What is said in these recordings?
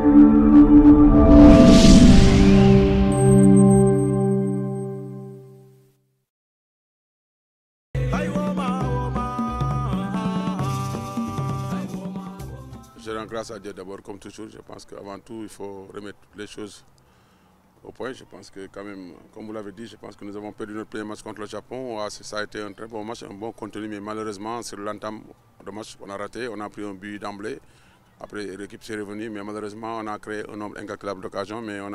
Je rends grâce à Dieu d'abord, comme toujours. Je pense qu'avant tout, il faut remettre les choses au point. Je pense que quand même, comme vous l'avez dit, je pense que nous avons perdu notre premier match contre le Japon. Ah, ça a été un très bon match, un bon contenu, mais malheureusement, sur l'entame de match, on a raté, on a pris un but d'emblée. Après, l'équipe s'est revenue, mais malheureusement, on a créé un nombre incalculable d'occasions, mais on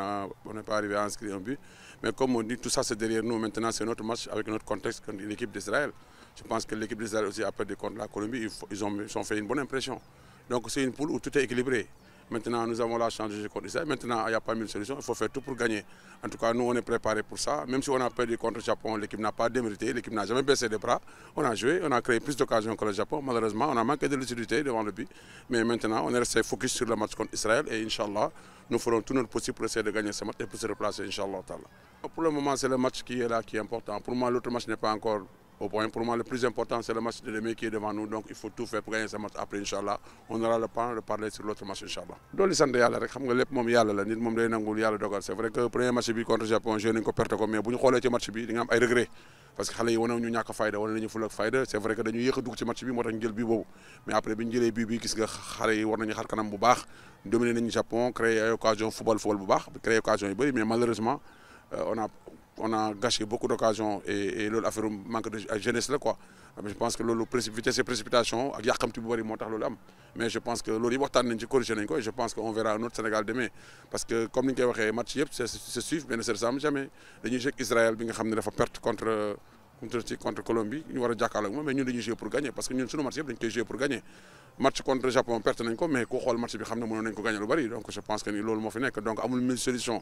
n'est pas arrivé à inscrire un but. Mais comme on dit, tout ça c'est derrière nous. Maintenant, c'est notre match avec notre contexte contre l'équipe d'Israël. Je pense que l'équipe d'Israël aussi a perdu contre la Colombie. Ils, ont, ils ont fait une bonne impression. Donc, c'est une poule où tout est équilibré. Maintenant, nous avons la chance de jouer contre Israël. Maintenant, il n'y a pas mille solutions. Il faut faire tout pour gagner. En tout cas, nous, on est préparés pour ça. Même si on a perdu contre le Japon, l'équipe n'a pas démérité. L'équipe n'a jamais baissé les bras. On a joué, on a créé plus d'occasions contre le Japon. Malheureusement, on a manqué de lucidité devant le but. Mais maintenant, on est resté focus sur le match contre Israël. Et Inch'Allah, nous ferons tout notre possible pour essayer de gagner ce match et pour se replacer, Inch'Allah. Pour le moment, c'est le match qui est là, qui est important. Pour moi, l'autre match n'est pas encore au point pour moi, le plus important, c'est le match de demain qui est devant nous. Donc, il faut tout faire pour gagner ce match. Après, Inch'Allah, on aura le temps de parler sur l'autre match, Inch'Allah. Donc, les santé, yalla, xam nga lepp mom yalla la nit mom day nangul yalla C'est vrai que le premier match bi contre Japon, je n'ai ko perte ko mais buñu xolé ci match bi di nga am ay regrets. parce que xale yi wane ñu ñàkk fayda wane nañu ful ak fayda c'est vrai que dañu yéex du dugg ci match bi moo tax ñu jël mais après bi ñu jëlee bii bi gis nga xale yi war nañu xar kanam bu baax nañu Japon créer ay occasion football football bu baax créé occasion yu bëri mais malheureusement euh, on a on a gâché beaucoup d'occasions et, et l'affaire manque de jeunesse là quoi. Mais Je pense que l'autre précipité ses précipitations ak comme tu bari motax lolu am. Mais je pense que l'autre waxtan nañ ci corriger nañ et je pense qu'on verra un autre Sénégal demain parce que comme niñ koy waxé match yépp c'est suivre mais ne se ressemble jamais. Le jouer Israël bi nga xamné dafa perte contre contre contre Colombie ñu war a déjà ak moom mais ñun dañuy jouer pour gagner parce que ñun sommes match yëpp dañ koy jouer pour gagner match contre Japon perte nañ ko mais ku le match bi xam ne mënoon nañ gagner lu bari donc je pense que ni loolu fait. fi nekk donc amul solution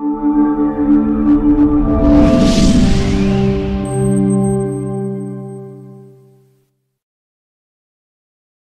Thank you.